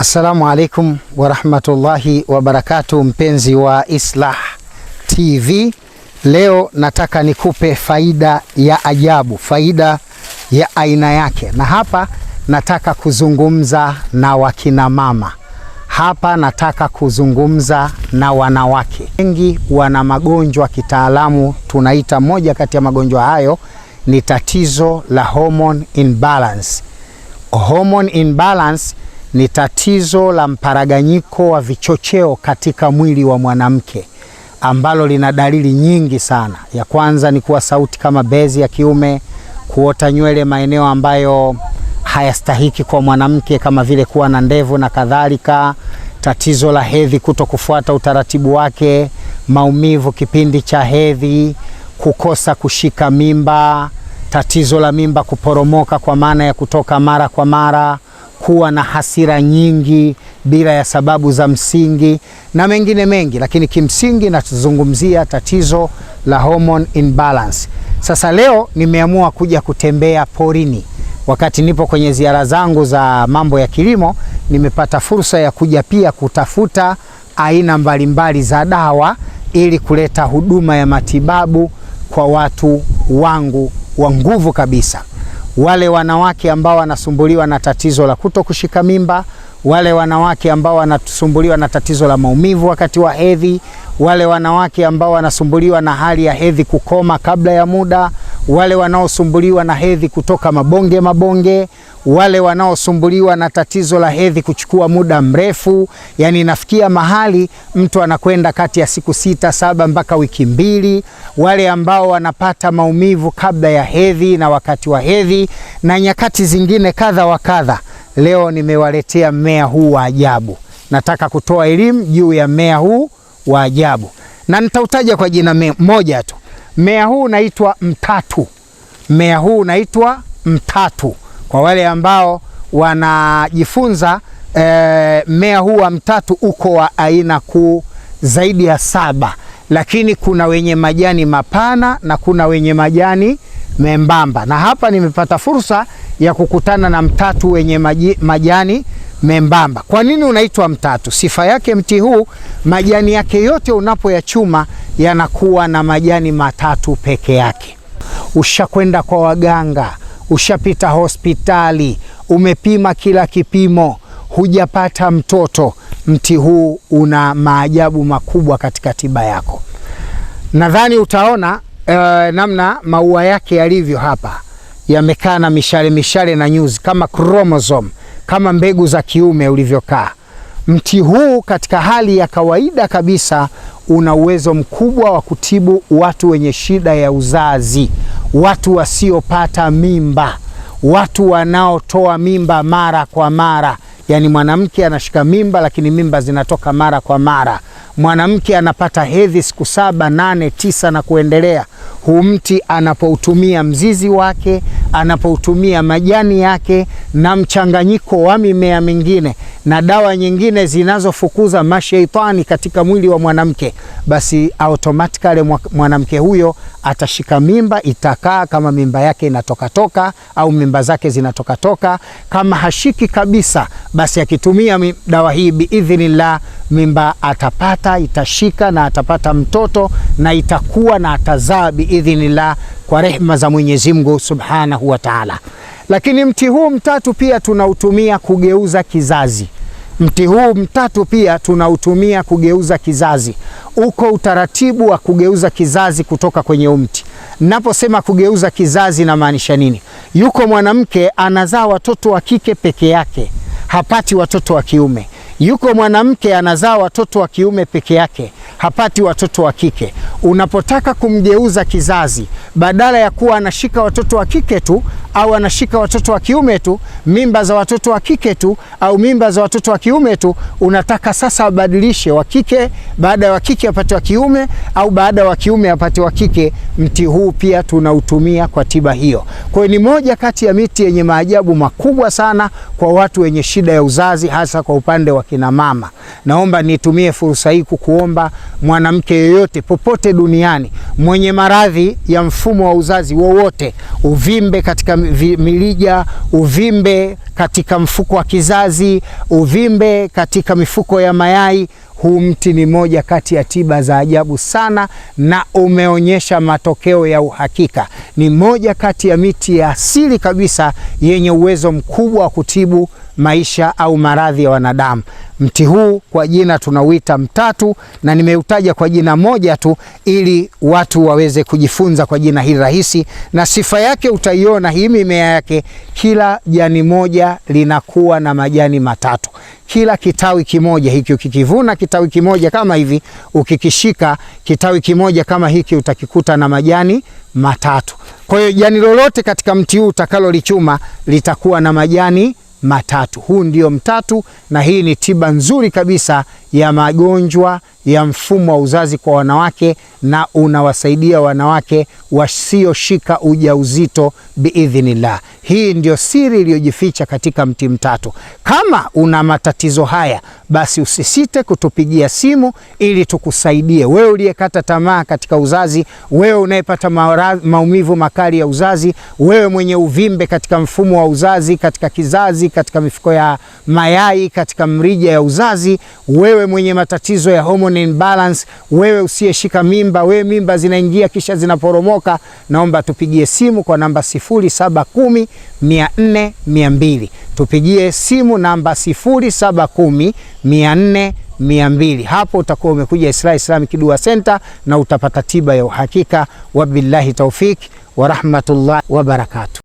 Assalamu alaikum warahmatullahi wabarakatu, mpenzi wa Islah TV, leo nataka nikupe faida ya ajabu, faida ya aina yake, na hapa nataka kuzungumza na wakina mama. Hapa nataka kuzungumza na wanawake. Wengi wana magonjwa kitaalamu tunaita, moja kati ya magonjwa hayo ni tatizo la hormone imbalance. Hormone imbalance ni tatizo la mparaganyiko wa vichocheo katika mwili wa mwanamke ambalo lina dalili nyingi sana. Ya kwanza ni kuwa sauti kama bezi ya kiume, kuota nywele maeneo ambayo hayastahiki kwa mwanamke kama vile kuwa na ndevu na kadhalika, tatizo la hedhi kuto kufuata utaratibu wake, maumivu kipindi cha hedhi, kukosa kushika mimba, tatizo la mimba kuporomoka kwa maana ya kutoka mara kwa mara kuwa na hasira nyingi bila ya sababu za msingi na mengine mengi, lakini kimsingi natuzungumzia tatizo la hormone imbalance. Sasa leo nimeamua kuja kutembea porini. Wakati nipo kwenye ziara zangu za mambo ya kilimo, nimepata fursa ya kuja pia kutafuta aina mbalimbali za dawa ili kuleta huduma ya matibabu kwa watu wangu wa nguvu kabisa wale wanawake ambao wanasumbuliwa na tatizo la kuto kushika mimba, wale wanawake ambao wanasumbuliwa na tatizo la maumivu wakati wa hedhi, wale wanawake ambao wanasumbuliwa na hali ya hedhi kukoma kabla ya muda wale wanaosumbuliwa na hedhi kutoka mabonge mabonge, wale wanaosumbuliwa na tatizo la hedhi kuchukua muda mrefu, yani inafikia mahali mtu anakwenda kati ya siku sita saba mpaka wiki mbili, wale ambao wanapata maumivu kabla ya hedhi na wakati wa hedhi na nyakati zingine kadha wa kadha. Leo nimewaletea mmea huu wa ajabu. Nataka kutoa elimu juu ya mmea huu wa ajabu na nitautaja kwa jina moja tu. Mmea huu unaitwa mtatu. Mmea huu unaitwa mtatu kwa wale ambao wanajifunza e, mmea huu wa mtatu uko wa aina kuu zaidi ya saba, lakini kuna wenye majani mapana na kuna wenye majani membamba, na hapa nimepata fursa ya kukutana na mtatu wenye maji, majani membamba. Kwa nini unaitwa mtatu? Sifa yake mti huu, majani yake yote unapoyachuma yanakuwa na majani matatu peke yake. Ushakwenda kwa waganga, ushapita hospitali, umepima kila kipimo, hujapata mtoto. Mti huu una maajabu makubwa katika tiba yako. Nadhani utaona uh, namna maua yake yalivyo hapa, yamekaa na mishale mishale na nyuzi kama chromosome, kama mbegu za kiume ulivyokaa. Mti huu katika hali ya kawaida kabisa una uwezo mkubwa wa kutibu watu wenye shida ya uzazi, watu wasiopata mimba, watu wanaotoa mimba mara kwa mara, yaani mwanamke anashika mimba lakini mimba zinatoka mara kwa mara mwanamke anapata hedhi siku saba, nane, tisa na kuendelea. Huu mti anapoutumia mzizi wake, anapoutumia majani yake na mchanganyiko wa mimea mingine na dawa nyingine zinazofukuza masheitani katika mwili wa mwanamke, basi automatically mwanamke huyo atashika mimba, itakaa kama mimba yake inatokatoka au mimba zake zinatokatoka. Kama hashiki kabisa, basi akitumia dawa hii biidhnillah, mimba atapata itapata itashika na atapata mtoto na itakuwa na atazaa biidhinillah kwa rehma za Mwenyezi Mungu Subhanahu wa Ta'ala. Lakini mti huu mtatu pia tunautumia kugeuza kizazi. Mti huu mtatu pia tunautumia kugeuza kizazi. Uko utaratibu wa kugeuza kizazi kutoka kwenye umti. Naposema kugeuza kizazi namaanisha nini? Yuko mwanamke anazaa watoto wa kike peke yake, hapati watoto wa kiume. Yuko mwanamke anazaa watoto wa kiume peke yake, hapati watoto wa kike. Unapotaka kumgeuza kizazi, badala ya kuwa anashika watoto wa kike tu, au anashika watoto wa kiume tu, mimba za watoto wa kike tu, au mimba za watoto wa kiume tu, unataka sasa abadilishe wa kike, baada ya wa kike apate wa kiume, au baada ya wa kiume apate wa kike. Mti huu pia tunautumia kwa tiba hiyo. Kwa hiyo ni moja kati ya miti yenye maajabu makubwa sana kwa watu wenye shida ya uzazi, hasa kwa upande wa kina mama. Naomba nitumie fursa hii kukuomba mwanamke yeyote popote duniani mwenye maradhi ya mfumo wa uzazi wowote, uvimbe katika milija, uvimbe katika mfuko wa kizazi, uvimbe katika mifuko ya mayai. Huu mti ni moja kati ya tiba za ajabu sana na umeonyesha matokeo ya uhakika. Ni moja kati ya miti ya asili kabisa yenye uwezo mkubwa wa kutibu maisha au maradhi ya wanadamu. Mti huu kwa jina tunauita mtatu, na nimeutaja kwa jina moja tu ili watu waweze kujifunza kwa jina hili rahisi, na sifa yake utaiona hii mimea yake, kila jani moja linakuwa na majani matatu. Kila kitawi kimoja hiki ukikivuna kitawi kimoja kama hivi, ukikishika kitawi kimoja kama hiki utakikuta na majani matatu. Kwa hiyo jani lolote katika mti huu utakalolichuma litakuwa na majani matatu. Huu ndio mtatu, na hii ni tiba nzuri kabisa ya magonjwa ya mfumo wa uzazi kwa wanawake na unawasaidia wanawake wasioshika ujauzito biidhinillah. Hii ndio siri iliyojificha katika mti mtatu. Kama una matatizo haya, basi usisite kutupigia simu ili tukusaidie wewe uliyekata tamaa katika uzazi, wewe unayepata maumivu makali ya uzazi, wewe mwenye uvimbe katika mfumo wa uzazi, katika kizazi, katika mifuko ya mayai, katika mrija ya uzazi, wewe mwenye matatizo ya homoni hormone imbalance, wewe usiyeshika mimba, wewe mimba zinaingia kisha zinaporomoka, naomba tupigie simu kwa namba 0710 400 Tupigie simu namba 0710 400 200. Hapo utakuwa umekuja Isra Islamic Dua Center na utapata tiba ya uhakika. Wabillahi taufiki wa rahmatullahi wa barakatuh.